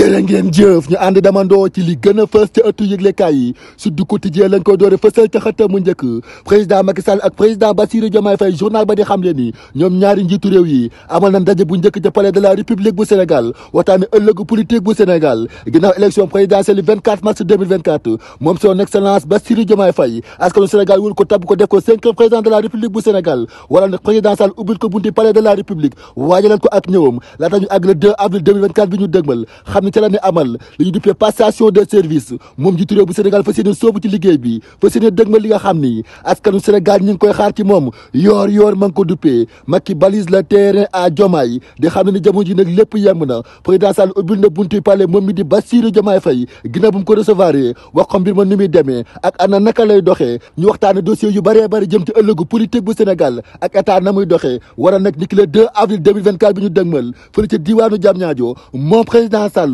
jërë ngeen jëf ñu ànd demandoo ci li gën a fës ca ëttu yëglekaay yi su du quotidien lañ ko doore fësal ca xëtta mu njëkk président Macky Sall ak président journal ba di xam le ñoom ñaari njiitu réew yi amal na ndaje bu njëkk ca palais de la république bu Sénégal waxtaane ëllëgu politique bu Sénégal ginnaaw élection présidentielle mars moom son excellence Bassirou Diomaye Faye askanu Sénégal wul ko tab ko def ko cinquième président de la république bu ni ca la ne amal li ñu duppee passation de service moom jiitu réew bu Sénégal fas yéene soobu ci liggéey bi fas yéene dëgmal li nga xam ni askanu Sénégal ñi ngi koy xaar ci moom yoor yoor ma ngi ko duppee Macky balise le terrain à di xam ni jamono ji nag lépp yem na président Sall ubbil na buntu palais moom mi di Bassirou Diomaye Faye ginnaaw bu mu ko recevoir wax ko mbir ma ni demee ak ana naka lay doxee ñu waxtaane dossier yu bëree bëri jëm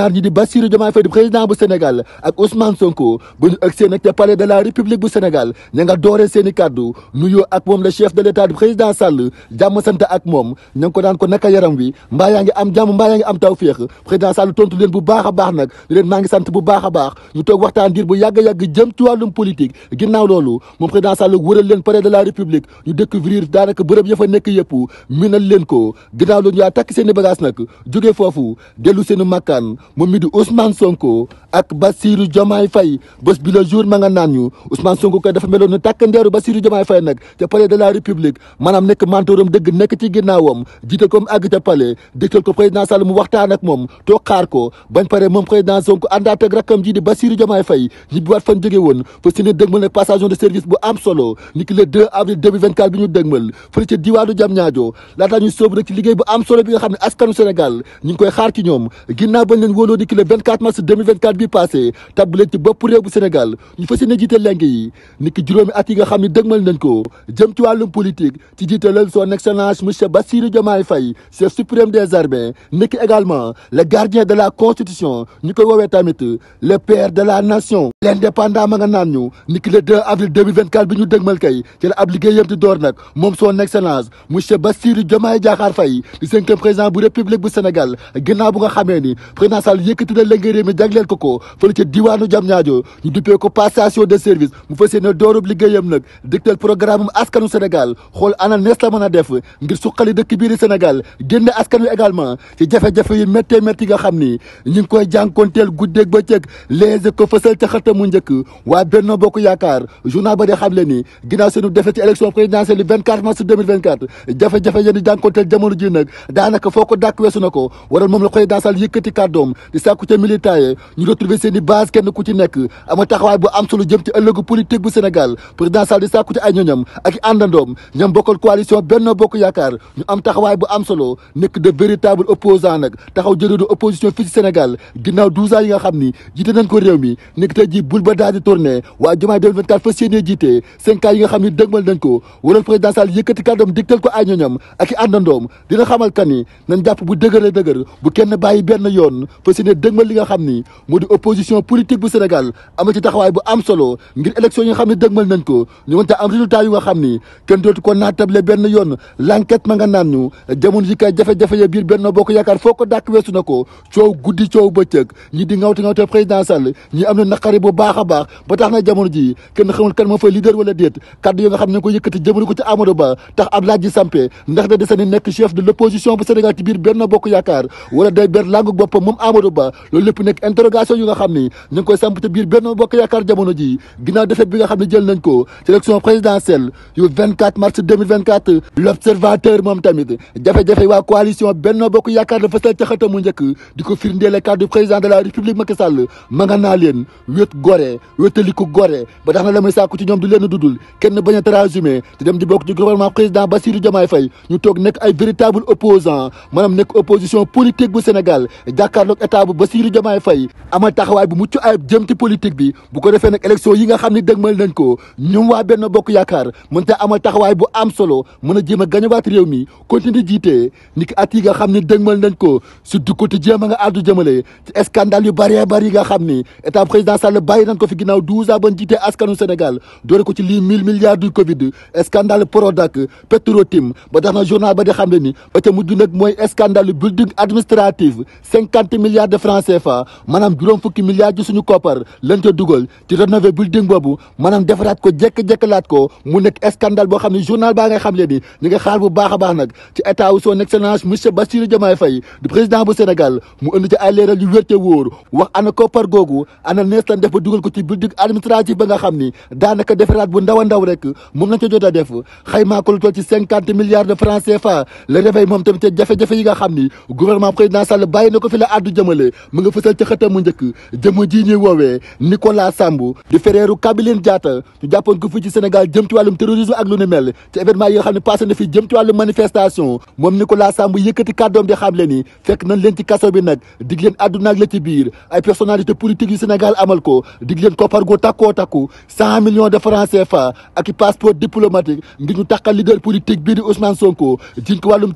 ñaar ñi di Bassirou Diomaye Faye di président bu Sénégal ak Ousmane Sonko bu ñu agsee nag ca palais de la République bu Sénégal ña nga dooree seen i kàddu nuyoo ak moom le chef de l'État du président Sall jàmm sant ak moom ña ngi ko daan ko naka yaram wi mbaa ngi am jàmm mbaa ngi am tawféex président Sall tontu leen bu baax a baax nag ñu leen maa ngi sant bu baax a baax ñu toog waxtaan diir bu yàgg-yàgg jëm ci wàllum politique ginnaaw loolu la République ñu découvrir daanaka bërëb ya fa nekk yëpp minal leen moom mi di Ousmane Sonko ak Bassirou Diomaye Faye bés bi le jour ma nga naan ñu Ousmane koy dafa meloon ni tàkk ndeeru Bassirou Diomaye Faye nag ca palais de la république maanaam nekk mentoram dëgg nekk ci ginnaawam jiite ko mu ca pare de service bu am solo ni ki le 2 avril 2024 bi ñu dëgmal ca diwaanu Diamniadio laataa ñu sóobu nag ci liggéey bu am solo bi nga xam ne askanu Sénégal ñu ngi koy xaar ci ñoom ginnaaw bañ leen wóoloo ni ki bi passé tabale ci bopp réew bu Sénégal ñu fas yéene jiite leng yi ni ki juróomi at yi nga xam ne dëgmal nañ ko jëm ci wàllum politique ci jiitalal son excellence monsieur Bassirou Diomaye Faye chef suprême des armées ni de la constitution ñu koy woowee tamit le père de la naan ñu ni ki le bi ñu dëgmal kay ci moom son excellence monsieur Bassirou Diomaye président bu république bu Sénégal gannaaw bu nga xamee ni président Sall yëkkati na lëngë réew mi jagleel ko ko ko fële ca diwaanu Diamniadio ñu duppee ko passation de service mu fas yéene doorub liggéeyam nag dëgtal programme askanu Sénégal xool ana nees la mën a def ngir suqali dëkk bii Sénégal génne askan également ci jafe-jafe yu méttee métti nga xam ni ñu koy jànkonteel guddeeg bëccëg léegi ko fësal ca xëtamu njëkk waa Benno Bokk Yaakaar journal ba di xam le ni ginnaaw seenu defee ci élection présidentielle du 24 mars 2024 jafe-jafe yéen di retrouver seen i base kenn ku ci nekk a taxawaay bu am jëm ci ëllëgu politique bu Sénégal président Sall di sàkku ay ñoñam ak i àndandoom ñam bokkal coalition Benno Bokk Yaakaar ñu am taxawaay bu am solo nekk de véritable opposant nag taxaw jëreedu opposition fii ci Sénégal ginnaaw yi nga xam ni jiite nañ ko réew mi nekk tey ji bul ba daal di tourné waaye Diomaye 2024 fas yéenee jiite cinq yi nga xam ni dëgmal nañ ko waral président Sall yëkkati a dëgër opposition politique bu Sénégal ama ci taxawaay bu am solo ngir élection yi nga xam ne dëgmal nañ ko ñu mën ta am résultat yu nga xam ni kenn dootu ko naatable benn yoon na ko coow guddi coow bëccëg langu boppam moom Amadou Ba loolu lépp nekk interrogation yu nga xam ni ñu ngi koy samp ci biir Benno Bokk Yaakaar jamono ji ginnaaw defet bi nga xam ne jël nañ ko ci élection présidentielle yu mars 2024 moom tamit jafe-jafe waa coalition Benno Bokk Yaakaar la fësal ca xëtam mu njëkk di ko firndeele kàddu président de la république Macky ma nga naa leen wét gore wétaliku gore ba tax na la muy ci ñoom du leen dudul kenn bañ a te dem di bokk ci gouvernement président Bassirou Diomaye Faye ñu taxawal taxawaay bu mucc ayib jëm ci politique bi bu ko defee nag élection yi nga xam ni dëgmal nañ ko ñoom waa benn bokk yaakaar mën ta amal taxawaay bu am solo mën a jéem a gañawaat réew mi continuer jiite ni at yi nga xam ni dëgmal nañ ko su du côté jéem a nga àddu jëmale ci scandale yu bari bari yi nga xam ni état président Sall bàyyi nañ ko fi ginnaaw douze ans ban jiitee askanu Sénégal doore ko ci lii mille Covid scandale Prodac Petrotim ba tax na journal ba juróom fukki milliards ci suñu koppar lañ ca dugal ci rénover building boobu maanaam defaraat ko jekk-jekkalaat ko mu nekk scandale boo xam ne journal baa nga xam le ni ñu ngi xaar bu baax a baax nag ci état wu son excellence monsieur Bassirou Diomaye Faye du président bu Sénégal mu indi ci ay leeral yu wérte wóor wax ana koppar googu ana nees lañ def ba dugal ko ci building administratif ba nga xam ni daanaka defaraat bu ndaw a ndaw rek moom lañ ca jot a def xaymaa ko lu toll ci cinquante milliards de francs xam ni gouvernement président Sall ko fi la addu jëmale mu mu njëkk dëkk jëmm ji ñuy woowee Nicolas samb di fereeru Kabiline Diatta ñu jàppoon ko fii ci Sénégal jëm ci wàllum terrorisme ak lu ni mel ci événement yi xam ne passé na fii jëm ci wàllum manifestation moom Nicolas Sambou yëkkati kàddoom di xam le ni fekk nañ leen ci kaso bi nag dig leen àdduna ak la ci biir ay personnalité politique yu Sénégal amal ko dig leen koppar gu takkoo takku cent millions de francs CFA ak passeport diplomatique ngir ñu takkal leader politique bii di Ousmane Sonko jiñ ko wàllum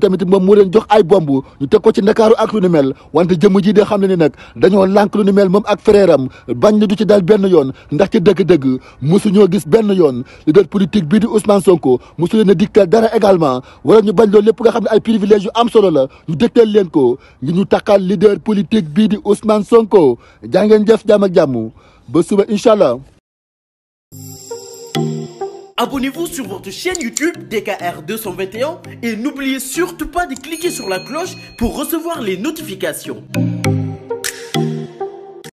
tamit moom moo leen jox ay bomb ñu teg ci Ndakaaru ak lu wante jëmm ji de xam ne ni nag dañoo lànk lu ni mel moom ak frère bañ na du ci dal benn yoon ndax ci dëgg-dëgg mosuñoo gis benn yoon leader politique bii di Ousmane Sonko mosu leen a dicté dara également wala ñu bañ loolu lépp nga xam ne ay privilèges am solo la ñu dégteel leen ko ngir ñu takkal leader politique bii di Ousmane Sonko jaa ngeen jëf jàmm ak jàmm ba suba incha allah. Abonnez-vous sur votre chaîne YouTube et n'oubliez surtout pas de cliquer sur la cloche pour recevoir les notifications.